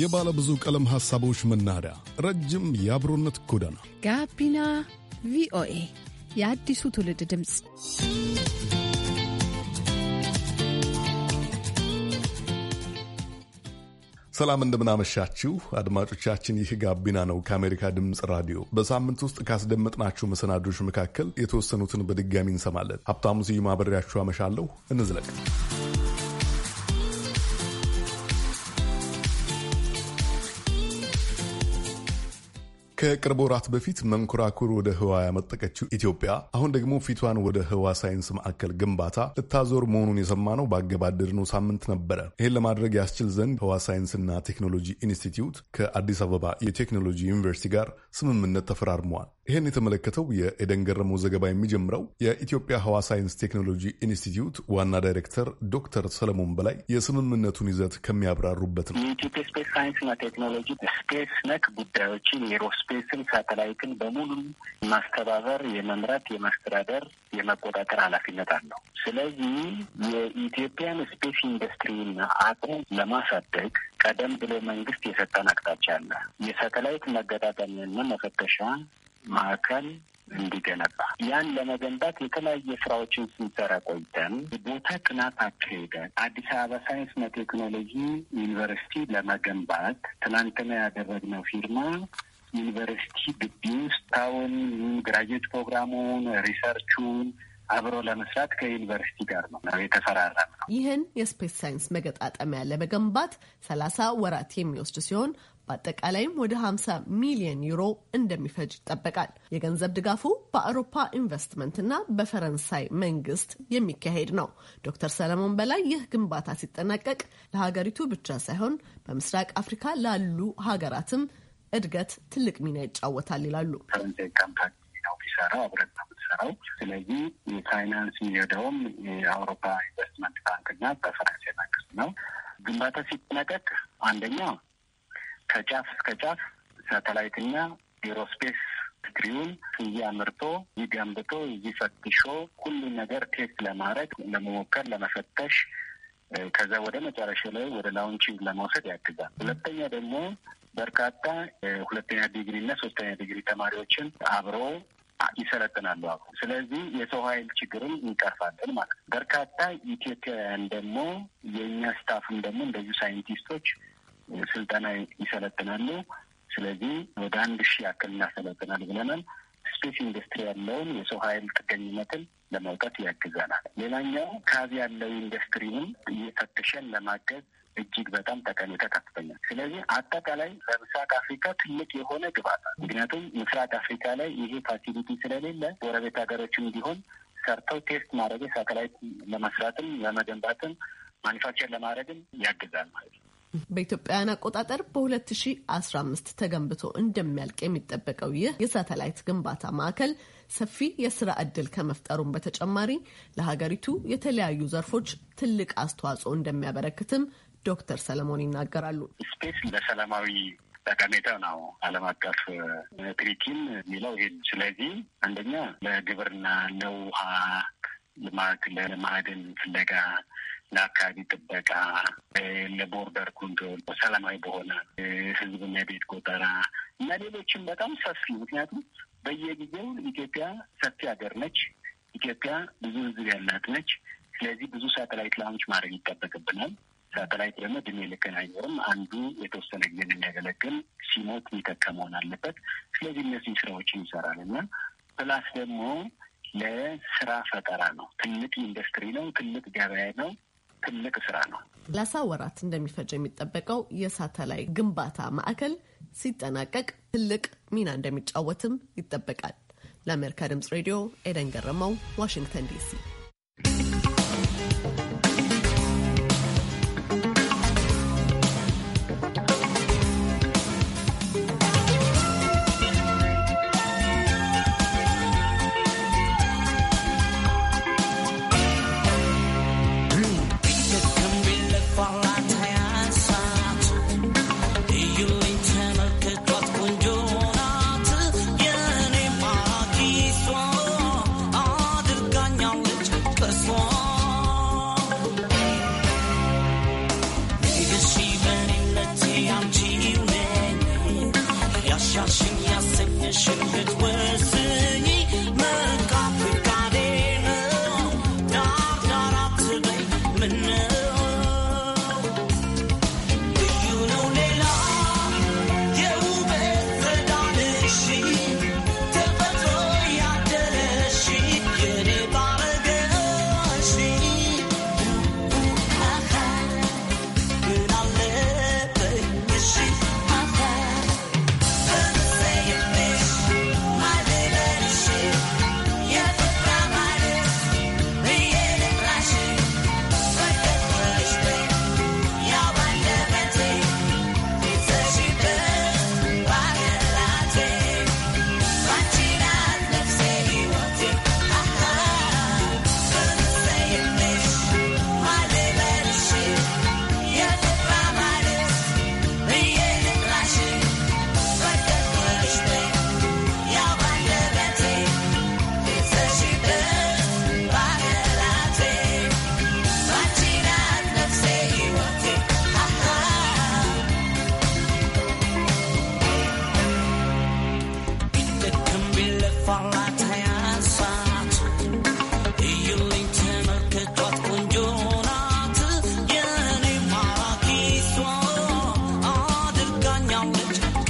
የባለ ብዙ ቀለም ሐሳቦች መናኸሪያ፣ ረጅም የአብሮነት ጎዳና ጋቢና ቪኦኤ የአዲሱ ትውልድ ድምፅ። ሰላም እንደምናመሻችሁ አድማጮቻችን፣ ይህ ጋቢና ነው ከአሜሪካ ድምፅ ራዲዮ። በሳምንት ውስጥ ካስደመጥናችሁ መሰናዶች መካከል የተወሰኑትን በድጋሚ እንሰማለን። ሀብታሙ ስዩም አብሬያችሁ አመሻለሁ። እንዝለቅ። ከቅርብ ወራት በፊት መንኮራኩር ወደ ህዋ ያመጠቀችው ኢትዮጵያ አሁን ደግሞ ፊቷን ወደ ህዋ ሳይንስ ማዕከል ግንባታ ልታዞር መሆኑን የሰማነው ባገባደድነው ሳምንት ነበረ። ይህን ለማድረግ ያስችል ዘንድ ህዋ ሳይንስና ቴክኖሎጂ ኢንስቲትዩት ከአዲስ አበባ የቴክኖሎጂ ዩኒቨርሲቲ ጋር ስምምነት ተፈራርመዋል። ይህን የተመለከተው የኤደን ገረመው ዘገባ የሚጀምረው የኢትዮጵያ ህዋ ሳይንስ ቴክኖሎጂ ኢንስቲትዩት ዋና ዳይሬክተር ዶክተር ሰለሞን በላይ የስምምነቱን ይዘት ከሚያብራሩበት ነው። የኢትዮጵያ ስፔስ ሳይንስና ቴክኖሎጂ ስፔስ ነክ ጉዳዮችን የሮስ ስፔስን ሳተላይትን በሙሉም ማስተባበር፣ የመምራት፣ የማስተዳደር፣ የመቆጣጠር ኃላፊነት አለው። ስለዚህ የኢትዮጵያን ስፔስ ኢንዱስትሪና አቅም ለማሳደግ ቀደም ብሎ መንግስት የሰጠን አቅጣጫ አለ። የሳተላይት መገጣጠሚያና መፈተሻ ማዕከል እንዲገነባ ያን ለመገንባት የተለያየ ስራዎችን ስንሰራ ቆይተን ቦታ ጥናት አካሄደን አዲስ አበባ ሳይንስና ቴክኖሎጂ ዩኒቨርሲቲ ለመገንባት ትናንትና ያደረግነው ፊርማ ዩኒቨርሲቲ ግቢ ውስጥ ግራጁዌት ፕሮግራሙን ሪሰርቹን አብሮ ለመስራት ከዩኒቨርሲቲ ጋር ነው የተፈራረ ነው። ይህን የስፔስ ሳይንስ መገጣጠሚያ ለመገንባት ሰላሳ ወራት የሚወስድ ሲሆን በአጠቃላይም ወደ 50 ሚሊዮን ዩሮ እንደሚፈጅ ይጠበቃል። የገንዘብ ድጋፉ በአውሮፓ ኢንቨስትመንትና በፈረንሳይ መንግስት የሚካሄድ ነው። ዶክተር ሰለሞን በላይ ይህ ግንባታ ሲጠናቀቅ ለሀገሪቱ ብቻ ሳይሆን በምስራቅ አፍሪካ ላሉ ሀገራትም እድገት ትልቅ ሚና ይጫወታል ይላሉ። ሰራ አብረን ነው የምትሰራው። ስለዚህ የፋይናንስ የሚሄደውም የአውሮፓ ኢንቨስትመንት ባንክና በፈረንሳይ መንግስት ነው። ግንባታ ሲጠናቀቅ አንደኛ ከጫፍ እስከ ጫፍ ሳተላይትና ኤሮስፔስ ትግሪውን እዚህ አምርቶ እዚህ ገንብቶ ፈትሾ ነገር ቴስት ለማድረግ ለመሞከር፣ ለመፈተሽ ከዛ ወደ መጨረሻ ላይ ወደ ላውንቺንግ ለመውሰድ ያግዛል። ሁለተኛ ደግሞ በርካታ ሁለተኛ ዲግሪ እና ሶስተኛ ዲግሪ ተማሪዎችን አብሮ ይሰለጥናሉ አብሮ። ስለዚህ የሰው ኃይል ችግርን እንቀርፋለን ማለት ነው። በርካታ ኢትዮጵያውያን ደግሞ የእኛ ስታፍም ደግሞ እንደዚሁ ሳይንቲስቶች ስልጠና ይሰለጥናሉ። ስለዚህ ወደ አንድ ሺህ ያክል እናሰለጥናል ብለናል። ስፔስ ኢንዱስትሪ ያለውን የሰው ኃይል ጥገኝነትን ለመውጣት ያግዘናል። ሌላኛው ካዝ ያለው ኢንዱስትሪንም እየፈተሸን ለማገዝ እጅግ በጣም ጠቀሜታ ከፍተኛ። ስለዚህ አጠቃላይ ለምስራቅ አፍሪካ ትልቅ የሆነ ግብዓት ምክንያቱም ምስራቅ አፍሪካ ላይ ይሄ ፋሲሊቲ ስለሌለ ጎረቤት ሀገሮችም ቢሆን ሰርተው ቴስት ማድረግ ሳተላይት ለመስራትም ለመገንባትም ማኒፋክቸር ለማድረግም ያግዛል ማለት ነው። በኢትዮጵያውያን አቆጣጠር በ2015 ተገንብቶ እንደሚያልቅ የሚጠበቀው ይህ የሳተላይት ግንባታ ማዕከል ሰፊ የስራ ዕድል ከመፍጠሩም በተጨማሪ ለሀገሪቱ የተለያዩ ዘርፎች ትልቅ አስተዋጽኦ እንደሚያበረክትም ዶክተር ሰለሞን ይናገራሉ። ስፔስ ለሰላማዊ ጠቀሜታ ነው ዓለም አቀፍ ትሪኪን የሚለው ይሄ። ስለዚህ አንደኛ ለግብርና፣ ለውሃ ልማት፣ ለማዕድን ፍለጋ ለአካባቢ ጥበቃ፣ ለቦርደር ኮንትሮል፣ ሰላማዊ በሆነ ህዝብና ቤት ቆጠራ እና ሌሎችም በጣም ሰፊ ምክንያቱም በየጊዜው ኢትዮጵያ ሰፊ ሀገር ነች። ኢትዮጵያ ብዙ ህዝብ ያላት ነች። ስለዚህ ብዙ ሳተላይት ላውንች ማድረግ ይጠበቅብናል። ሳተላይት ደግሞ እድሜ ልክን አይኖርም። አንዱ የተወሰነ ጊዜ የሚያገለግል ሲሞት የሚተካ መሆን አለበት። ስለዚህ እነዚህ ስራዎችን ይሰራል እና ፕላስ ደግሞ ለስራ ፈጠራ ነው። ትልቅ ኢንዱስትሪ ነው። ትልቅ ገበያ ነው። ትልቅ ስራ ነው። ለሳ ወራት እንደሚፈጅ የሚጠበቀው የሳተላይት ግንባታ ማዕከል ሲጠናቀቅ ትልቅ ሚና እንደሚጫወትም ይጠበቃል። ለአሜሪካ ድምፅ ሬዲዮ ኤደን ገረመው፣ ዋሽንግተን ዲሲ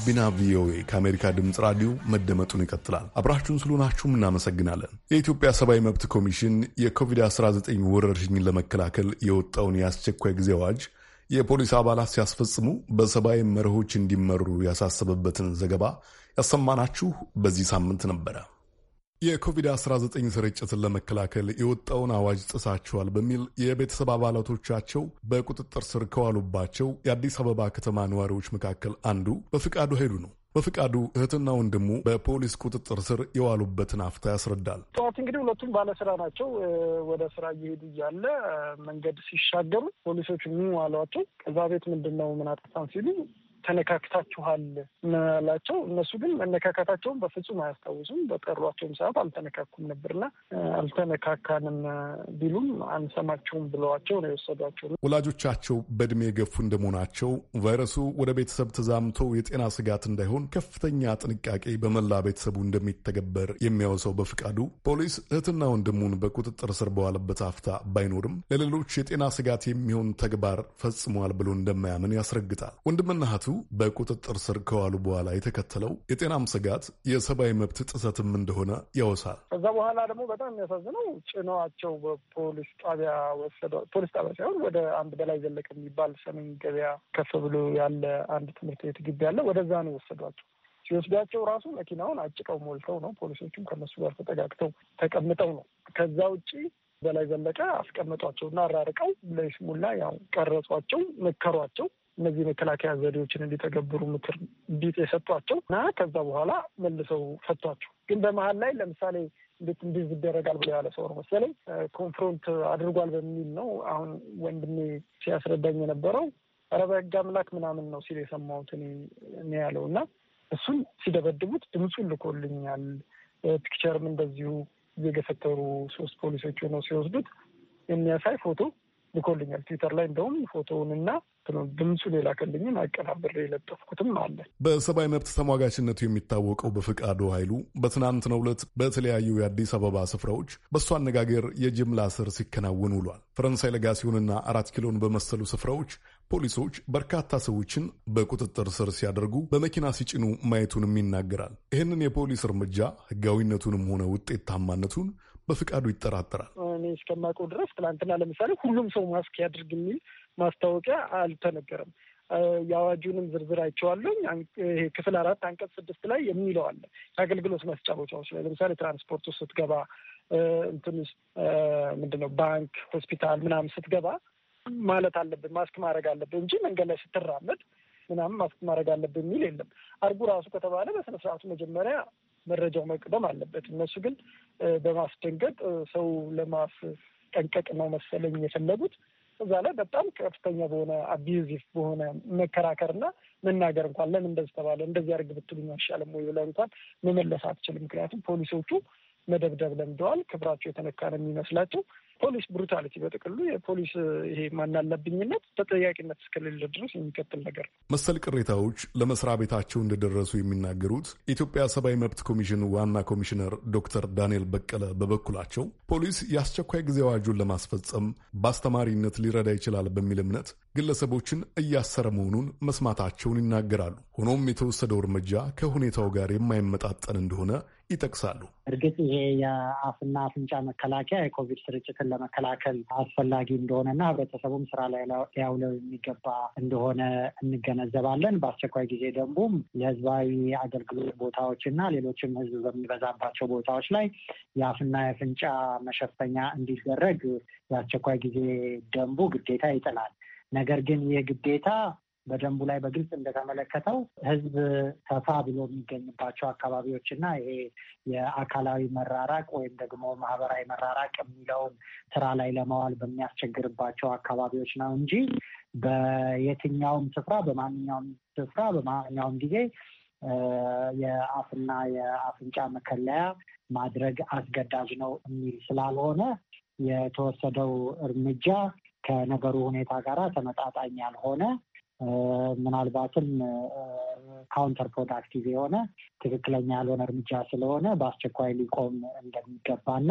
ጋቢና ቪኦኤ ከአሜሪካ ድምፅ ራዲዮ መደመጡን ይቀጥላል። አብራችሁን ስለሆናችሁም እናመሰግናለን። የኢትዮጵያ ሰብአዊ መብት ኮሚሽን የኮቪድ-19 ወረርሽኝን ለመከላከል የወጣውን የአስቸኳይ ጊዜ አዋጅ የፖሊስ አባላት ሲያስፈጽሙ በሰብአዊ መርሆች እንዲመሩ ያሳሰበበትን ዘገባ ያሰማናችሁ በዚህ ሳምንት ነበረ። የኮቪድ-19 ስርጭትን ለመከላከል የወጣውን አዋጅ ጥሳቸዋል በሚል የቤተሰብ አባላቶቻቸው በቁጥጥር ስር ከዋሉባቸው የአዲስ አበባ ከተማ ነዋሪዎች መካከል አንዱ በፍቃዱ ኃይሉ ነው። በፍቃዱ እህትና ወንድሙ በፖሊስ ቁጥጥር ስር የዋሉበትን አፍታ ያስረዳል። ጠዋት እንግዲህ ሁለቱም ባለስራ ናቸው። ወደ ስራ እየሄዱ እያለ መንገድ ሲሻገሩ ፖሊሶች ምን ዋሏቸው። ከዛ ቤት ምንድን ነው ምን አጠፋን ሲሉ ተነካክታችኋል ምናላቸው። እነሱ ግን መነካካታቸውን በፍጹም አያስታውሱም። በጠሯቸውም ሰዓት አልተነካኩም ነበርና አልተነካካንም ቢሉም አንሰማቸውም ብለዋቸው ነው የወሰዷቸው። ወላጆቻቸው በእድሜ የገፉ እንደመሆናቸው ቫይረሱ ወደ ቤተሰብ ተዛምቶ የጤና ስጋት እንዳይሆን ከፍተኛ ጥንቃቄ በመላ ቤተሰቡ እንደሚተገበር የሚያወሰው በፍቃዱ ፖሊስ እህትና ወንድሙን በቁጥጥር ስር በዋለበት አፍታ ባይኖርም ለሌሎች የጤና ስጋት የሚሆን ተግባር ፈጽሟል ብሎ እንደማያምን ያስረግጣል። ወንድምና እህቱ በቁጥጥር ስር ከዋሉ በኋላ የተከተለው የጤናም ስጋት የሰብአዊ መብት ጥሰትም እንደሆነ ያወሳል። ከዛ በኋላ ደግሞ በጣም የሚያሳዝነው ጭነዋቸው በፖሊስ ጣቢያ ወሰደው። ፖሊስ ጣቢያ ሳይሆን ወደ አንድ በላይ ዘለቅ የሚባል ሰሜን ገበያ ከፍ ብሎ ያለ አንድ ትምህርት ቤት ግቢ ያለ ወደዛ ነው ወሰዷቸው። ሲወስዷቸው ራሱ መኪናውን አጭቀው ሞልተው ነው። ፖሊሶቹም ከነሱ ጋር ተጠጋግተው ተቀምጠው ነው። ከዛ ውጪ በላይ ዘለቀ እና አራርቀው ለይስሙላ ያው ቀረጿቸው፣ መከሯቸው። እነዚህ መከላከያ ዘዴዎችን እንዲተገብሩ ምክር ቢጤ የሰጧቸው እና ከዛ በኋላ መልሰው ፈቷቸው። ግን በመሀል ላይ ለምሳሌ እንዴት እንዲህ ይደረጋል ብሎ ያለ ሰው ነው መሰለኝ ኮንፍሮንት አድርጓል በሚል ነው አሁን ወንድሜ ሲያስረዳኝ የነበረው ኧረ በሕግ አምላክ ምናምን ነው ሲል የሰማሁት እኔ ያለው እና እሱን ሲደበድቡት ድምፁን ልኮልኛል። ፒክቸርም እንደዚሁ እየገፈተሩ ሶስት ፖሊሶች ሆነው ሲወስዱት የሚያሳይ ፎቶ ልኮልኛል። ትዊተር ላይ እንደውም ፎቶውንና ድምፁን የላከልኝን አቀናብሬ የለጠፍኩትም አለ። በሰብአዊ መብት ተሟጋችነቱ የሚታወቀው በፍቃዱ ኃይሉ በትናንትናው ዕለት በተለያዩ የአዲስ አበባ ስፍራዎች በእሱ አነጋገር የጅምላ እስር ሲከናወን ውሏል። ፈረንሳይ ለጋሲዮንና አራት ኪሎን በመሰሉ ስፍራዎች ፖሊሶች በርካታ ሰዎችን በቁጥጥር ስር ሲያደርጉ በመኪና ሲጭኑ ማየቱንም ይናገራል። ይህንን የፖሊስ እርምጃ ህጋዊነቱንም ሆነ ውጤታማነቱን በፍቃዱ ይጠራጠራል። እኔ እስከማውቀው ድረስ ትናንትና ለምሳሌ ሁሉም ሰው ማስክ ያድርግ የሚል ማስታወቂያ አልተነገረም። የአዋጁንም ዝርዝር አይቼዋለሁኝ። ይሄ ክፍል አራት አንቀጽ ስድስት ላይ የሚለው አለ። የአገልግሎት መስጫ ቦታዎች ላይ ለምሳሌ ትራንስፖርት ውስጥ ስትገባ እንትን ምንድን ነው ባንክ፣ ሆስፒታል ምናምን ስትገባ ማለት አለብን ማስክ ማድረግ አለብን እንጂ መንገድ ላይ ስትራመድ ምናምን ማስክ ማድረግ አለብን የሚል የለም። አርጉ ራሱ ከተባለ በስነስርዓቱ መጀመሪያ መረጃው መቅደም አለበት። እነሱ ግን በማስደንገጥ ሰው ለማስጠንቀቅ ነው መሰለኝ የፈለጉት። እዛ ላይ በጣም ከፍተኛ በሆነ አቢዩዚቭ በሆነ መከራከርና መናገር እንኳን ለምን እንደዚህ ተባለ እንደዚህ አድርግ ብትሉኝ አይሻልም ወይ ብለህ እንኳን መመለስ አትችልም። ምክንያቱም ፖሊሶቹ መደብደብ ለምደዋል። ክብራቸው የተነካ ነው የሚመስላቸው። ፖሊስ ብሩታሊቲ በጥቅሉ የፖሊስ ይሄ ማናለብኝነት ተጠያቂነት እስከሌለ ድረስ የሚቀጥል ነገር ነው። መሰል ቅሬታዎች ለመስሪያ ቤታቸው እንደደረሱ የሚናገሩት የኢትዮጵያ ሰብአዊ መብት ኮሚሽን ዋና ኮሚሽነር ዶክተር ዳንኤል በቀለ በበኩላቸው ፖሊስ የአስቸኳይ ጊዜ አዋጁን ለማስፈጸም በአስተማሪነት ሊረዳ ይችላል በሚል እምነት ግለሰቦችን እያሰረ መሆኑን መስማታቸውን ይናገራሉ። ሆኖም የተወሰደው እርምጃ ከሁኔታው ጋር የማይመጣጠን እንደሆነ ይጠቅሳሉ። እርግጥ ይሄ የአፍና አፍንጫ መከላከያ የኮቪድ ስርጭትን ራስን ለመከላከል አስፈላጊ እንደሆነና ህብረተሰቡም ስራ ላይ ሊያውለው የሚገባ እንደሆነ እንገነዘባለን። በአስቸኳይ ጊዜ ደንቡም ለህዝባዊ አገልግሎት ቦታዎችና ሌሎችም ህዝብ በሚበዛባቸው ቦታዎች ላይ የአፍና የፍንጫ መሸፈኛ እንዲደረግ የአስቸኳይ ጊዜ ደንቡ ግዴታ ይጥላል። ነገር ግን ይህ ግዴታ በደንቡ ላይ በግልጽ እንደተመለከተው ህዝብ ሰፋ ብሎ የሚገኝባቸው አካባቢዎች እና ይሄ የአካላዊ መራራቅ ወይም ደግሞ ማህበራዊ መራራቅ የሚለውን ስራ ላይ ለማዋል በሚያስቸግርባቸው አካባቢዎች ነው እንጂ በየትኛውም ስፍራ በማንኛውም ስፍራ በማንኛውም ጊዜ የአፍና የአፍንጫ መከለያ ማድረግ አስገዳጅ ነው የሚል ስላልሆነ የተወሰደው እርምጃ ከነገሩ ሁኔታ ጋር ተመጣጣኝ ያልሆነ ምናልባትም ካውንተር ፕሮዳክቲቭ የሆነ ትክክለኛ ያልሆነ እርምጃ ስለሆነ በአስቸኳይ ሊቆም እንደሚገባና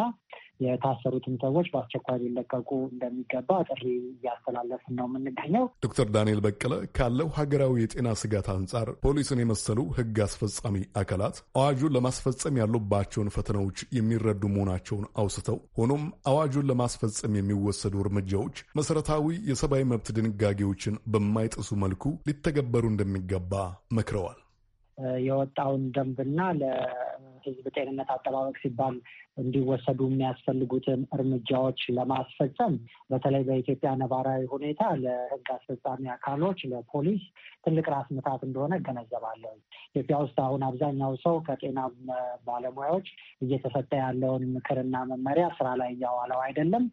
የታሰሩትም ሰዎች በአስቸኳይ ሊለቀቁ እንደሚገባ ጥሪ እያስተላለፍ ነው የምንገኘው። ዶክተር ዳንኤል በቀለ ካለው ሀገራዊ የጤና ስጋት አንጻር ፖሊስን የመሰሉ ሕግ አስፈጻሚ አካላት አዋጁን ለማስፈጸም ያሉባቸውን ፈተናዎች የሚረዱ መሆናቸውን አውስተው ሆኖም አዋጁን ለማስፈጸም የሚወሰዱ እርምጃዎች መሰረታዊ የሰብአዊ መብት ድንጋጌዎችን በማይጥሱ መልኩ ሊተገበሩ እንደሚገባ መክረዋል። የወጣውን ደንብና ህዝብ ጤንነት አጠባበቅ ሲባል እንዲወሰዱ የሚያስፈልጉትን እርምጃዎች ለማስፈጸም በተለይ በኢትዮጵያ ነባራዊ ሁኔታ ለህግ አስፈጻሚ አካሎች ለፖሊስ ትልቅ ራስ ምታት እንደሆነ እገነዘባለሁ። ኢትዮጵያ ውስጥ አሁን አብዛኛው ሰው ከጤና ባለሙያዎች እየተሰጠ ያለውን ምክርና መመሪያ ስራ ላይ እያዋለው አይደለም።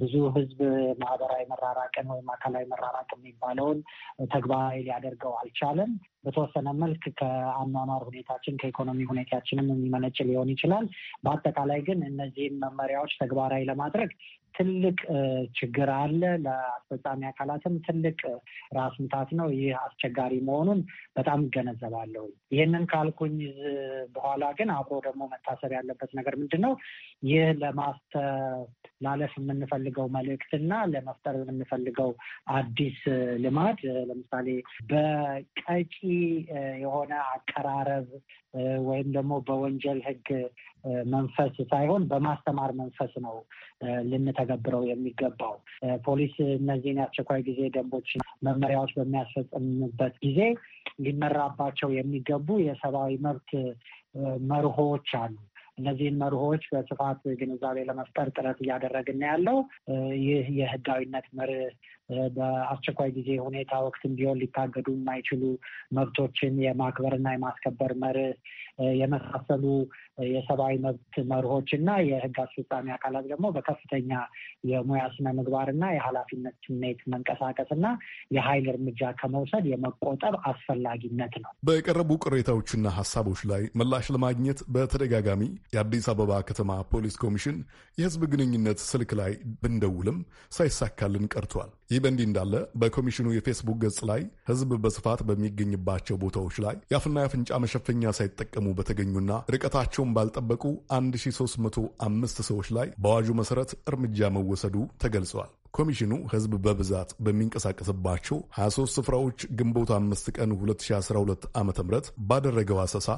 ብዙ ህዝብ ማህበራዊ መራራቅን ወይም አካላዊ መራራቅ የሚባለውን ተግባራዊ ሊያደርገው አልቻለም። በተወሰነ መልክ ከአኗኗር ሁኔታችን ከኢኮኖሚ ሁኔታችንም የሚመነጭ ሊሆን ይችላል። በአጠቃላይ ግን እነዚህን መመሪያዎች ተግባራዊ ለማድረግ ትልቅ ችግር አለ። ለአስፈጻሚ አካላትም ትልቅ ራስ ምታት ነው። ይህ አስቸጋሪ መሆኑን በጣም እገነዘባለሁ። ይህንን ካልኩኝ በኋላ ግን አብሮ ደግሞ መታሰብ ያለበት ነገር ምንድን ነው? ይህ ለማስተላለፍ የምንፈልገው መልእክትና ለመፍጠር የምንፈልገው አዲስ ልማድ ለምሳሌ በቀጭ የሆነ አቀራረብ ወይም ደግሞ በወንጀል ህግ መንፈስ ሳይሆን በማስተማር መንፈስ ነው ልንተገብረው የሚገባው። ፖሊስ እነዚህን የአስቸኳይ ጊዜ ደንቦች፣ መመሪያዎች በሚያስፈጽምበት ጊዜ ሊመራባቸው የሚገቡ የሰብአዊ መብት መርሆዎች አሉ። እነዚህን መርሆዎች በስፋት ግንዛቤ ለመፍጠር ጥረት እያደረግን ያለው ይህ የህጋዊነት መርህ በአስቸኳይ ጊዜ ሁኔታ ወቅትም ቢሆን ሊታገዱ የማይችሉ መብቶችን የማክበርና የማስከበር መርህ የመሳሰሉ የሰብአዊ መብት መርሆች እና የህግ አስፈጻሚ አካላት ደግሞ በከፍተኛ የሙያ ስነ ምግባር እና የኃላፊነት ስሜት መንቀሳቀስ እና የኃይል እርምጃ ከመውሰድ የመቆጠብ አስፈላጊነት ነው። በቀረቡ ቅሬታዎችና ሀሳቦች ላይ ምላሽ ለማግኘት በተደጋጋሚ የአዲስ አበባ ከተማ ፖሊስ ኮሚሽን የህዝብ ግንኙነት ስልክ ላይ ብንደውልም ሳይሳካልን ቀርቷል። ይህ በእንዲህ እንዳለ በኮሚሽኑ የፌስቡክ ገጽ ላይ ሕዝብ በስፋት በሚገኝባቸው ቦታዎች ላይ የአፍና የአፍንጫ መሸፈኛ ሳይጠቀሙ በተገኙና ርቀታቸውን ባልጠበቁ 1305 ሰዎች ላይ በአዋጁ መሠረት እርምጃ መወሰዱ ተገልጿል። ኮሚሽኑ ህዝብ በብዛት በሚንቀሳቀስባቸው 23 ስፍራዎች ግንቦት 5 ቀን 2012 ዓ ም ባደረገው አሰሳ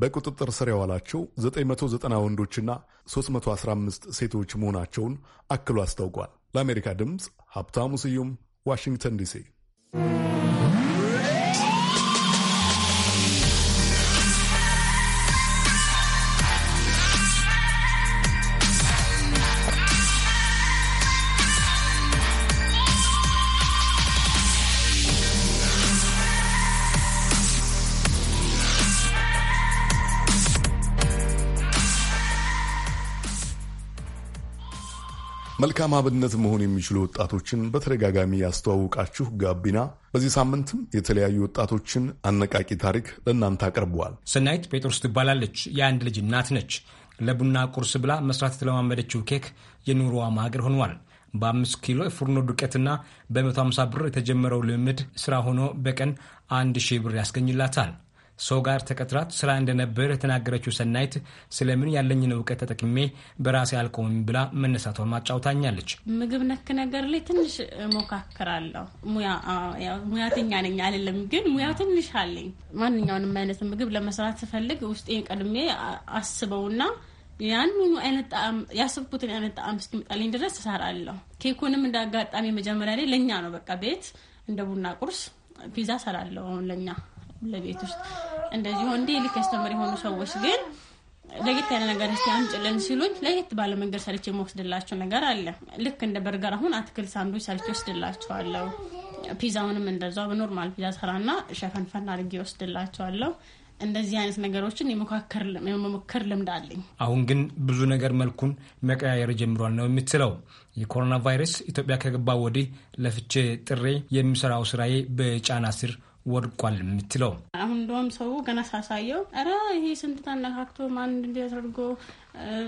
በቁጥጥር ስር የዋላቸው 990 ወንዶችና 315 ሴቶች መሆናቸውን አክሎ አስታውቋል። ለአሜሪካ ድምፅ ሀብታሙ ስዩም ዋሽንግተን ዲሲ መልካም አብነት መሆን የሚችሉ ወጣቶችን በተደጋጋሚ ያስተዋውቃችሁ ጋቢና በዚህ ሳምንትም የተለያዩ ወጣቶችን አነቃቂ ታሪክ ለእናንተ አቅርበዋል። ሰናይት ጴጥሮስ ትባላለች። የአንድ ልጅ እናት ነች። ለቡና ቁርስ ብላ መስራት የተለማመደችው ኬክ የኑሮዋ ማገር ሆኗል። በአምስት ኪሎ የፉርኖ ዱቄትና በ150 ብር የተጀመረው ልምድ ስራ ሆኖ በቀን አንድ ሺህ ብር ያስገኝላታል። ሰው ጋር ተቀጥራት ስራ እንደነበር የተናገረችው ሰናይት ስለምን ያለኝን እውቀት ተጠቅሜ በራሴ አልቆምም ብላ መነሳቷን አጫውታኛለች። ምግብ ነክ ነገር ላይ ትንሽ እሞካክራለሁ። ሙያተኛ ነኝ አይደለም፣ ግን ሙያ ትንሽ አለኝ። ማንኛውንም አይነት ምግብ ለመስራት ስፈልግ ውስጤ ቀድሜ አስበውና ያንኑ አይነት ጣዕም ያስብኩትን አይነት ጣዕም እስኪመጣልኝ ድረስ እሰራለሁ። ኬኩንም እንደ አጋጣሚ መጀመሪያ ላይ ለእኛ ነው በቃ ቤት እንደ ቡና ቁርስ ፒዛ እሰራለሁ ለእኛ ለቤት ውስጥ እንደዚሁ እንዲ ልክ ያስተምር የሆኑ ሰዎች ግን ለየት ያለ ነገር እስቲ አምጭልን ሲሉኝ ለየት ባለ መንገድ ሰርቼ የምወስድላቸው ነገር አለ። ልክ እንደ በርገር አሁን አትክልት ሳንዱች ሰርቼ ወስድላቸዋለሁ። ፒዛውንም እንደዛው በኖርማል ፒዛ ሰራና ሸፈንፈን አድርጌ ወስድላቸዋለሁ። እንደዚህ አይነት ነገሮችን የመሞከር ልምድ አለኝ። አሁን ግን ብዙ ነገር መልኩን መቀያየር ጀምሯል ነው የምትለው። የኮሮና ቫይረስ ኢትዮጵያ ከገባ ወዲህ ለፍቼ ጥሬ የሚሰራው ስራዬ በጫና ስር ወድቋል የምትለው አሁን እንደውም ሰው ገና ሳሳየው ኧረ ይሄ ስንት ተነካክቶ ማን እንዲያደርጎ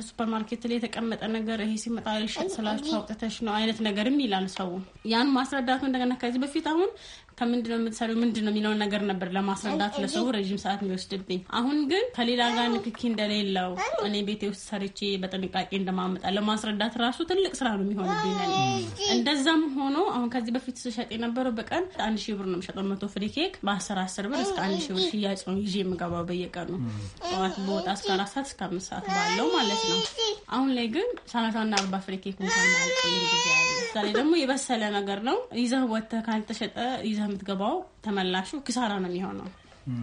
ሱፐር ማርኬት ላይ የተቀመጠ ነገር ይሄ ሲመጣ ሪሸጥ ስላችሁ አውጥተሽ ነው አይነት ነገርም ይላል ሰው። ያን ማስረዳቱ እንደገና ከዚህ በፊት አሁን ከምንድን ነው የምትሰሪው ምንድን ነው የሚለውን ነገር ነበር ለማስረዳት ለሰው ረዥም ሰዓት የሚወስድብኝ። አሁን ግን ከሌላ ጋር ንክኪ እንደሌለው እኔ ቤቴ ውስጥ ሰርቼ በጥንቃቄ እንደማመጣ ለማስረዳት ራሱ ትልቅ ስራ ነው የሚሆንብኝ። እንደዛም ሆኖ አሁን ከዚህ በፊት ስሸጥ የነበረው በቀን አንድ ሺህ ብር ነው የምሸጠው መቶ ፍሪ ኬክ በአስር አስር ብር እስከ አንድ ሺህ ብር ሽያጭ ነው ይዤ የምገባው በየቀኑ ጠዋት በወጣ እስከ አራት ሰዓት እስከ አምስት ሰዓት ባለው ማለት ነው። አሁን ላይ ግን ሰላሳና አርባ ፍሬ ኬክ ቦታ ዛሬ ደግሞ የበሰለ ነገር ነው ይዘህ ወጥተህ ካልተሸጠ ይዘህ የምትገባው ተመላሹ ክሳራ ነው የሚሆነው።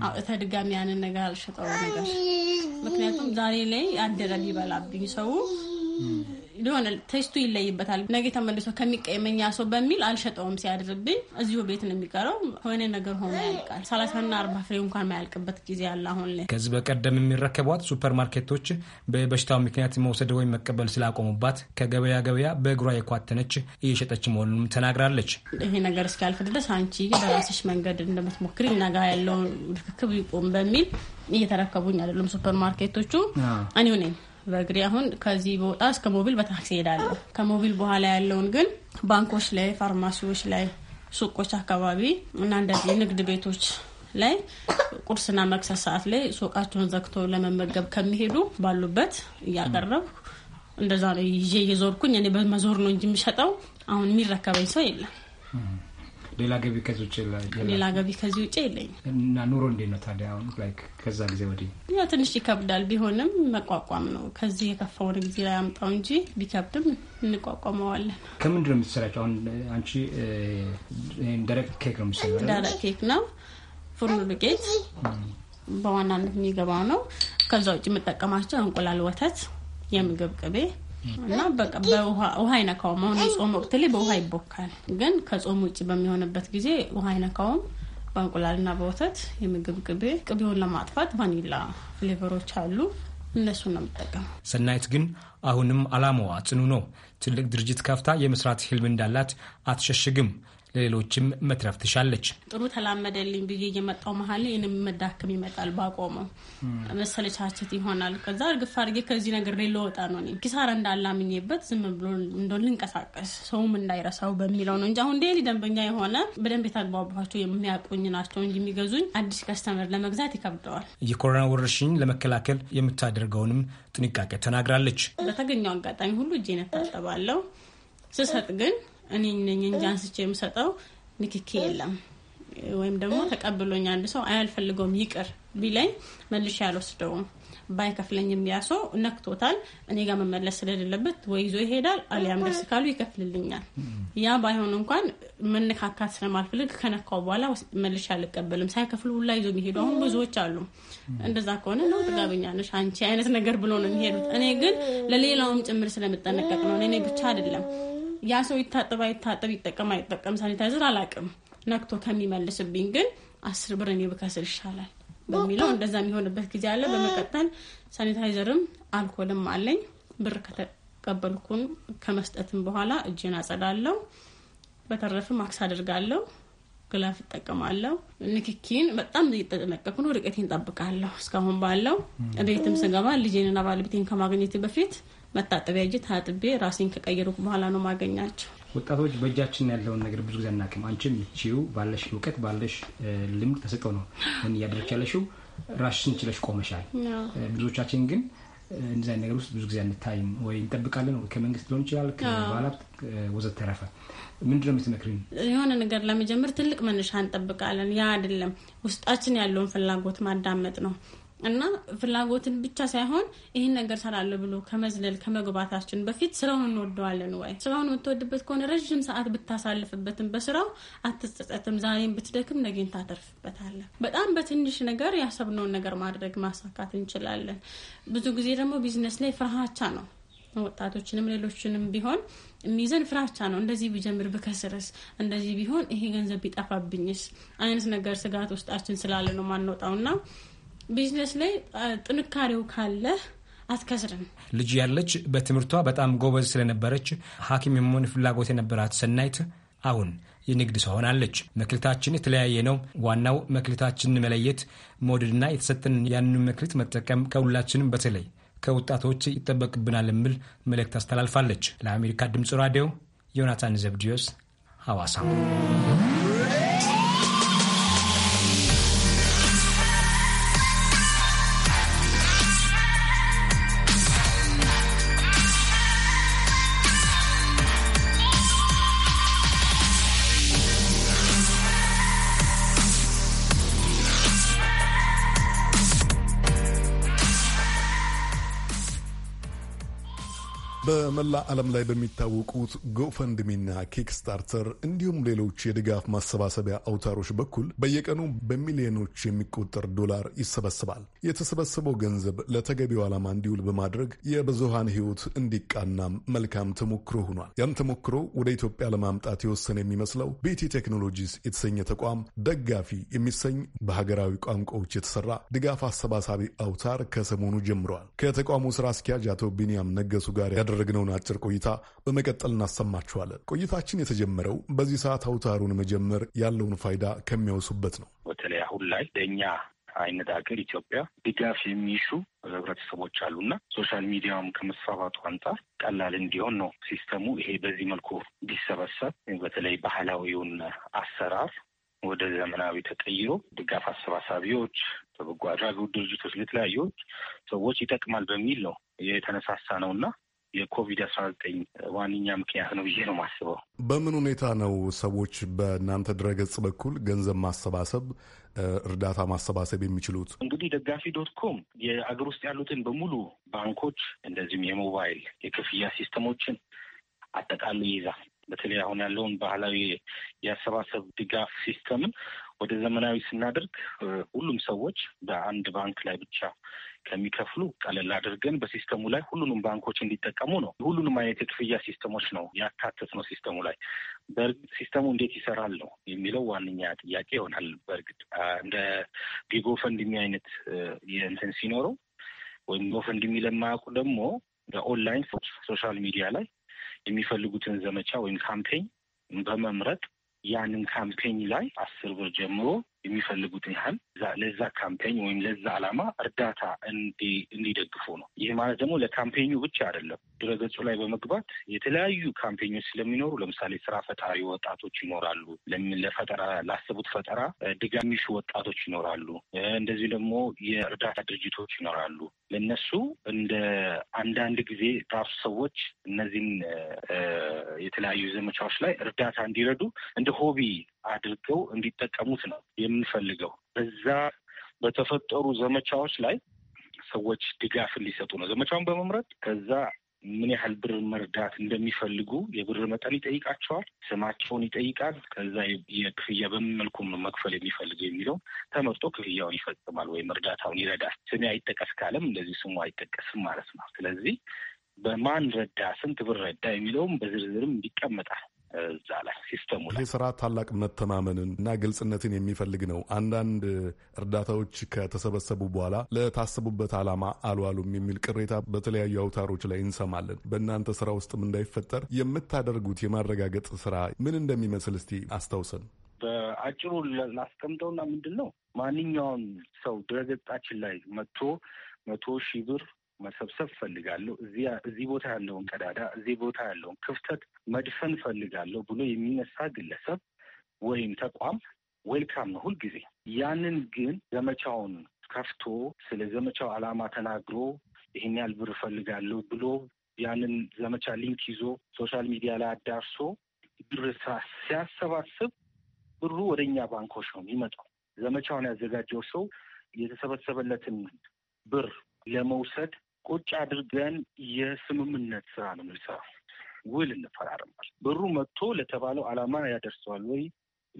አውጥተህ ድጋሚ ያንን ነገር አልሸጠው ነገር ምክንያቱም ዛሬ ላይ አደረ ቢበላብኝ ሰው የሆነ ቴስቱ ይለይበታል። ነገ ተመልሶ ከሚቀይመኛ ሰው በሚል አልሸጠውም ሲያድርብኝ እዚሁ ቤት ነው የሚቀረው። ሆነ ነገር ሆኖ ያልቃል። ሰላሳና አርባ ፍሬ እንኳን ማያልቅበት ጊዜ ያለ አሁን ላይ። ከዚህ በቀደም የሚረከቧት ሱፐር ማርኬቶች በበሽታው ምክንያት መውሰድ ወይም መቀበል ስላቆሙባት ከገበያ ገበያ በእግሯ የኳተነች እየሸጠች መሆኑንም ተናግራለች። ይሄ ነገር እስኪያልፍ ድረስ አንቺ በራስሽ መንገድ እንደምትሞክሪ ነገ ያለውን ርክክብ ይቆም በሚል እየተረከቡኝ ሱፐር ማርኬቶቹ እኔው ነኝ በእግሬ አሁን ከዚህ በወጣ እስከ ሞቢል በታክሲ ሄዳለሁ። ከሞቢል በኋላ ያለውን ግን ባንኮች ላይ፣ ፋርማሲዎች ላይ፣ ሱቆች አካባቢ እና እንደዚህ ንግድ ቤቶች ላይ ቁርስና መክሰስ ሰዓት ላይ ሱቃቸውን ዘግቶ ለመመገብ ከሚሄዱ ባሉበት እያቀረብ እንደዛ ነው ይዤ እየዞርኩኝ እኔ በመዞር ነው እንጂ የሚሸጠው አሁን የሚረከበኝ ሰው የለም። ሌላ ገቢ ከዚህ ውጭ ሌላ ገቢ ከዚህ ውጭ የለኝ እና ኑሮ እንዴት ነው ታዲያ አሁን ላይክ ከዛ ጊዜ ወዲህ? ያው ትንሽ ይከብዳል፣ ቢሆንም መቋቋም ነው። ከዚህ የከፋውን ጊዜ ላይ አምጣው እንጂ ቢከብድም እንቋቋመዋለን። ከምንድ ነው የምትሰራቸው? አሁን አንቺ ደረቅ ኬክ ነው የምትሰራው? ደረቅ ኬክ ነው ፉርኖ ዱቄት በዋናነት የሚገባው ነው። ከዛ ውጭ የምጠቀማቸው እንቁላል፣ ወተት፣ የምግብ ቅቤ እና በቃ ውሃ አይነካውም። አሁን የጾም ወቅት ላይ በውሃ ይቦካል፣ ግን ከጾም ውጭ በሚሆንበት ጊዜ ውሃ አይነካውም። በእንቁላልና በወተት የምግብ ቅቤ ቅቤውን ለማጥፋት ቫኒላ ፍሌቨሮች አሉ። እነሱ ነው የምጠቀመው። ሰናይት ግን አሁንም አላማዋ ጽኑ ነው። ትልቅ ድርጅት ከፍታ የመስራት ህልም እንዳላት አትሸሽግም። ለሌሎችም መትረፍ ትሻለች። ጥሩ ተላመደልኝ ብዬ እየመጣው መሀል ይህን መዳክም ይመጣል። ባቆመው መሰለቻቸት ይሆናል። ከዛ እርግፍ አድርጌ ከዚህ ነገር ላይ ለወጣ ነው ኪሳራ እንዳላምኝበት ዝም ብሎ እንደ ልንቀሳቀስ ሰውም እንዳይረሳው በሚለው ነው እንጂ አሁን ዴይሊ ደንበኛ የሆነ በደንብ የታግባባቸው የሚያቆኝ ናቸው እንጂ የሚገዙኝ አዲስ ከስተመር ለመግዛት ይከብደዋል። የኮሮና ወረርሽኝ ለመከላከል የምታደርገውንም ጥንቃቄ ተናግራለች። በተገኘው አጋጣሚ ሁሉ እጄን እታጠባለሁ ስሰጥ ግን እኔ ነኝ እንጂ አንስቼ የምሰጠው ንክኬ የለም። ወይም ደግሞ ተቀብሎኝ አንድ ሰው አያልፈልገውም ይቅር ቢለኝ መልሼ አልወስደውም። ባይከፍለኝም ያ ሰው ነክቶታል፣ እኔ ጋር መመለስ ስለሌለበት ወይ ይዞ ይሄዳል፣ አሊያም ደስ ካሉ ይከፍልልኛል። ያ ባይሆን እንኳን መነካካት ስለማልፈልግ ከነካው በኋላ መልሼ አልቀበልም። ሳይከፍሉ ሁላ ይዞ የሚሄዱ አሁን ብዙዎች አሉ። እንደዛ ከሆነ ነው ጥጋበኛ ነሽ አንቺ አይነት ነገር ብሎ ነው የሚሄዱት። እኔ ግን ለሌላውም ጭምር ስለምጠነቀቅ ነው እኔ ብቻ አይደለም ያ ሰው ይታጠብ አይታጠብ ይጠቀም አይጠቀም ሳኒታይዘር አላቅም ነክቶ ከሚመልስብኝ ግን አስር ብር እኔ ብከስር ይሻላል በሚለው እንደዛ የሚሆንበት ጊዜ አለ። በመቀጠል ሳኒታይዘርም አልኮልም አለኝ። ብር ከተቀበልኩን ከመስጠትም በኋላ እጄን አጸዳለሁ። በተረፈ ማክስ አድርጋለሁ፣ ግላፍ እጠቀማለሁ። ንክኪን በጣም እየተጠነቀቅኩ ነው። ርቀቴን እጠብቃለሁ። እስካሁን ባለው ቤትም ስገባ ልጄንና ባለቤቴን ከማግኘት በፊት መታጠቢያ እጅ ታጥቤ ራሴን ከቀየርኩ በኋላ ነው ማገኛቸው። ወጣቶች በእጃችን ያለውን ነገር ብዙ ጊዜ አናውቅም። አንቺም ቺው ባለሽ እውቀት ባለሽ ልምድ ተሰጠው ነው ምን እያደረች ያለሽው ራሽን ችለሽ ቆመሻል። ብዙዎቻችን ግን እንደዚህ አይነት ነገር ውስጥ ብዙ ጊዜ አንታይም ወይ እንጠብቃለን፣ ከመንግስት ሊሆን ይችላል፣ ከባላት ወዘተረፈ። ምንድን ነው የምትመክሪኝ? የሆነ ነገር ለመጀመር ትልቅ መነሻ እንጠብቃለን። ያ አይደለም፣ ውስጣችን ያለውን ፍላጎት ማዳመጥ ነው። እና ፍላጎትን ብቻ ሳይሆን ይህን ነገር ሰራለ ብሎ ከመዝለል ከመግባታችን በፊት ስራውን እንወደዋለን ወይ? ስራውን የምትወድበት ከሆነ ረዥም ሰዓት ብታሳልፍበትም በስራው አትጸጸትም። ዛሬም ብትደክም ነገን ታተርፍበታለን። በጣም በትንሽ ነገር ያሰብነውን ነገር ማድረግ ማሳካት እንችላለን። ብዙ ጊዜ ደግሞ ቢዝነስ ላይ ፍርሃቻ ነው ወጣቶችንም ሌሎችንም ቢሆን የሚይዘን ፍራቻ ነው። እንደዚህ ቢጀምር ብከስርስ፣ እንደዚህ ቢሆን ይሄ ገንዘብ ቢጠፋብኝስ አይነት ነገር ስጋት ውስጣችን ስላለ ነው ማንወጣውና ቢዝነስ ላይ ጥንካሬው ካለ አትከስርም። ልጅ ያለች በትምህርቷ በጣም ጎበዝ ስለነበረች ሐኪም የመሆን ፍላጎት የነበራት ሰናይት አሁን የንግድ ሰው ሆናለች። መክሊታችን የተለያየ ነው። ዋናው መክሊታችንን መለየት መውደድና የተሰጠን ያንኑ መክሊት መጠቀም ከሁላችንም በተለይ ከወጣቶች ይጠበቅብናል የሚል መልእክት አስተላልፋለች። ለአሜሪካ ድምፅ ራዲዮ ዮናታን ዘብዲዮስ ሐዋሳ በመላ ዓለም ላይ በሚታወቁት ጎፈንድሚና ኪክስታርተር እንዲሁም ሌሎች የድጋፍ ማሰባሰቢያ አውታሮች በኩል በየቀኑ በሚሊዮኖች የሚቆጠር ዶላር ይሰበስባል። የተሰበሰበው ገንዘብ ለተገቢው ዓላማ እንዲውል በማድረግ የብዙሃን ሕይወት እንዲቃናም መልካም ተሞክሮ ሆኗል። ያን ተሞክሮ ወደ ኢትዮጵያ ለማምጣት የወሰነ የሚመስለው ቢቲ ቴክኖሎጂስ የተሰኘ ተቋም ደጋፊ የሚሰኝ በሀገራዊ ቋንቋዎች የተሰራ ድጋፍ አሰባሳቢ አውታር ከሰሞኑ ጀምረዋል። ከተቋሙ ስራ አስኪያጅ አቶ ቢንያም ነገሱ ጋር ያደረግነው ያደረግነውን አጭር ቆይታ በመቀጠል እናሰማችኋለን። ቆይታችን የተጀመረው በዚህ ሰዓት አውታሩን መጀመር ያለውን ፋይዳ ከሚያወሱበት ነው። በተለይ አሁን ላይ ለእኛ አይነት ሀገር ኢትዮጵያ ድጋፍ የሚሹ ህብረተሰቦች አሉና ሶሻል ሚዲያውም ከመስፋፋቱ አንጻር ቀላል እንዲሆን ነው ሲስተሙ። ይሄ በዚህ መልኩ ቢሰበሰብ በተለይ ባህላዊውን አሰራር ወደ ዘመናዊ ተቀይሮ ድጋፍ አሰባሳቢዎች፣ በበጎ አድራጎት ድርጅቶች፣ ለተለያዩ ሰዎች ይጠቅማል በሚል ነው የተነሳሳ ነው እና የኮቪድ አስራ ዘጠኝ ዋነኛ ምክንያት ነው ብዬ ነው ማስበው። በምን ሁኔታ ነው ሰዎች በእናንተ ድረገጽ በኩል ገንዘብ ማሰባሰብ እርዳታ ማሰባሰብ የሚችሉት? እንግዲህ ደጋፊ ዶት ኮም የአገር ውስጥ ያሉትን በሙሉ ባንኮች፣ እንደዚሁም የሞባይል የክፍያ ሲስተሞችን አጠቃሉ ይይዛል። በተለይ አሁን ያለውን ባህላዊ የአሰባሰብ ድጋፍ ሲስተምን ወደ ዘመናዊ ስናደርግ ሁሉም ሰዎች በአንድ ባንክ ላይ ብቻ ከሚከፍሉ ቀለል አድርገን በሲስተሙ ላይ ሁሉንም ባንኮች እንዲጠቀሙ ነው። ሁሉንም አይነት የክፍያ ሲስተሞች ነው ያካተት ነው ሲስተሙ ላይ። በእርግጥ ሲስተሙ እንዴት ይሰራል ነው የሚለው ዋነኛ ጥያቄ ይሆናል። በእርግጥ እንደ ቢጎ ፈንድሚ አይነት እንትን ሲኖረው ወይም ጎፈንድሚ ለማያውቁ ደግሞ በኦንላይን ሶሻል ሚዲያ ላይ የሚፈልጉትን ዘመቻ ወይም ካምፔኝ በመምረጥ ያንን ካምፔኝ ላይ አስር ብር ጀምሮ የሚፈልጉትን ያህል ለዛ ካምፔኝ ወይም ለዛ ዓላማ እርዳታ እንዲደግፉ ነው። ይህ ማለት ደግሞ ለካምፔኙ ብቻ አይደለም። ድረገጹ ላይ በመግባት የተለያዩ ካምፔኞች ስለሚኖሩ ለምሳሌ ስራ ፈጣሪ ወጣቶች ይኖራሉ። ለፈጠራ ላሰቡት ፈጠራ ድጋፍ የሚሹ ወጣቶች ይኖራሉ። እንደዚህ ደግሞ የእርዳታ ድርጅቶች ይኖራሉ። ለነሱ እንደ አንዳንድ ጊዜ ራሱ ሰዎች እነዚህን የተለያዩ ዘመቻዎች ላይ እርዳታ እንዲረዱ እንደ ሆቢ አድርገው እንዲጠቀሙት ነው የምንፈልገው። በዛ በተፈጠሩ ዘመቻዎች ላይ ሰዎች ድጋፍ እንዲሰጡ ነው ዘመቻውን በመምረጥ ከዛ ምን ያህል ብር መርዳት እንደሚፈልጉ የብር መጠን ይጠይቃቸዋል። ስማቸውን ይጠይቃል። ከዛ የክፍያ በምን መልኩ መክፈል የሚፈልገው የሚለው ተመርጦ ክፍያውን ይፈጽማል ወይም እርዳታውን ይረዳል። ስሜ አይጠቀስ ካለም እንደዚህ ስሙ አይጠቀስም ማለት ነው። ስለዚህ በማን ረዳ፣ ስንት ብር ረዳ የሚለውም በዝርዝርም ይቀመጣል። እዛ ላይ ሲስተሙ ላይ ስራ ታላቅ መተማመንን እና ግልጽነትን የሚፈልግ ነው። አንዳንድ እርዳታዎች ከተሰበሰቡ በኋላ ለታሰቡበት ዓላማ አልዋሉም የሚል ቅሬታ በተለያዩ አውታሮች ላይ እንሰማለን። በእናንተ ስራ ውስጥም እንዳይፈጠር የምታደርጉት የማረጋገጥ ስራ ምን እንደሚመስል እስቲ አስታውሰን በአጭሩ ላስቀምጠውና ምንድን ነው ማንኛውም ሰው ድረገጻችን ላይ መጥቶ መቶ ሺህ ብር መሰብሰብ ፈልጋለሁ፣ እዚህ ቦታ ያለውን ቀዳዳ፣ እዚህ ቦታ ያለውን ክፍተት መድፈን ፈልጋለሁ ብሎ የሚነሳ ግለሰብ ወይም ተቋም ዌልካም ነው ሁልጊዜ። ያንን ግን ዘመቻውን ከፍቶ ስለ ዘመቻው ዓላማ ተናግሮ ይህን ያህል ብር እፈልጋለሁ ብሎ ያንን ዘመቻ ሊንክ ይዞ ሶሻል ሚዲያ ላይ አዳርሶ ብር ሲያሰባስብ ብሩ ወደ እኛ ባንኮች ነው የሚመጣው። ዘመቻውን ያዘጋጀው ሰው የተሰበሰበለትን ብር ለመውሰድ ቁጭ አድርገን የስምምነት ስራ ነው የሚሰራው። ውል እንፈራርማል። ብሩ መጥቶ ለተባለው ዓላማ ያደርሰዋል ወይ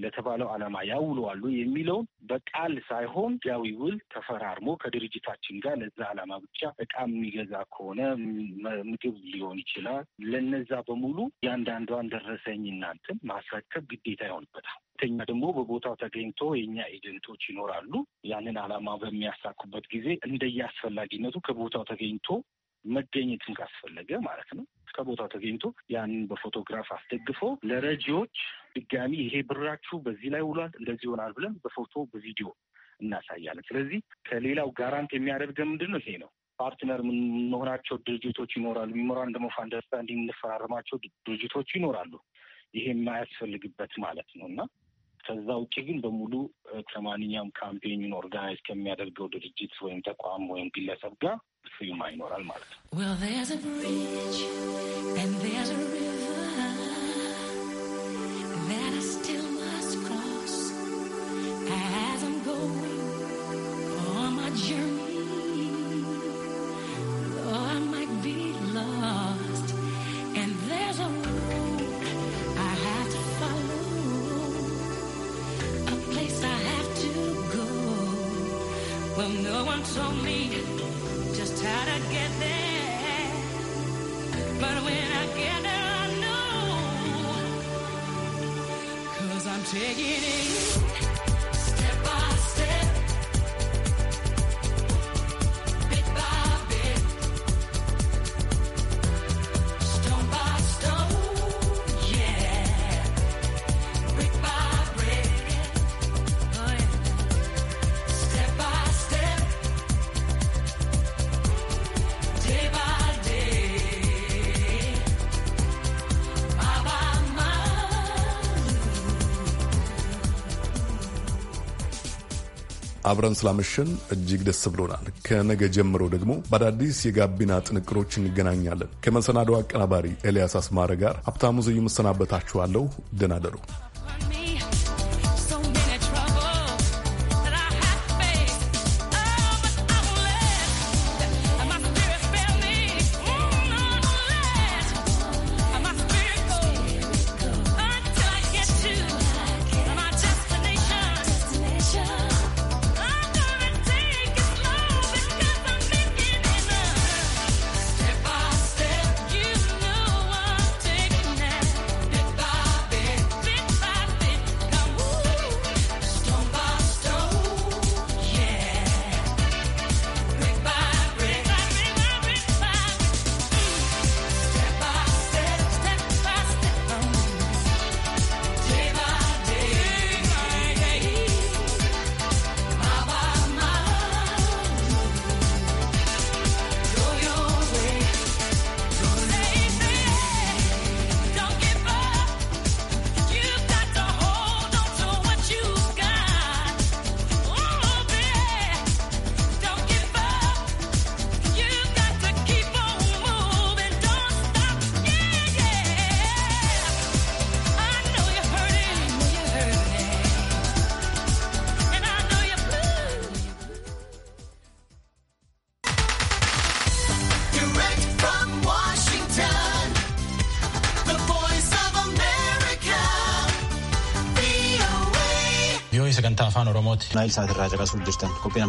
ለተባለው ዓላማ ያውለዋል ወይ የሚለውን በቃል ሳይሆን ያዊ ውል ተፈራርሞ ከድርጅታችን ጋር ለዛ አላማ ብቻ እቃ የሚገዛ ከሆነ ምግብ ሊሆን ይችላል። ለነዛ በሙሉ እያንዳንዷን ደረሰኝ እናንትን ማስረከብ ግዴታ ይሆንበታል። ሁለተኛ ደግሞ በቦታው ተገኝቶ የኛ ኤጀንቶች ይኖራሉ። ያንን ዓላማ በሚያሳኩበት ጊዜ እንደየ አስፈላጊነቱ ከቦታው ተገኝቶ መገኘትን ካስፈለገ ማለት ነው ከቦታው ተገኝቶ ያንን በፎቶግራፍ አስደግፎ ለረጂዎች ድጋሚ ይሄ ብራችሁ በዚህ ላይ ውሏል፣ እንደዚህ ይሆናል ብለን በፎቶ በቪዲዮ እናሳያለን። ስለዚህ ከሌላው ጋራንት የሚያደርገ ምንድን ነው? ይሄ ነው። ፓርትነር የምንሆናቸው ድርጅቶች ይኖራሉ። ሚሞራንደም ኦፍ አንደርስታንዲንግ የምንፈራረማቸው ድርጅቶች ይኖራሉ። ይሄ የማያስፈልግበት ማለት ነው እና ከዛ ውጭ ግን በሙሉ ከማንኛውም ካምፔኙን ኦርጋናይዝ ከሚያደርገው ድርጅት ወይም ተቋም ወይም ግለሰብ ጋር ፍሪማ ይኖራል ማለት ነው። told me just how to get there. አብረን ስላመሸን እጅግ ደስ ብሎናል። ከነገ ጀምሮ ደግሞ በአዳዲስ የጋቢና ጥንቅሮች እንገናኛለን። ከመሰናዶ አቀናባሪ ኤልያስ አስማረ ጋር ሀብታሙ ዝዩ መሰናበታችኋለሁ። ደናደሩ naayil isaatiirraa caqasuuf jirtan kopheen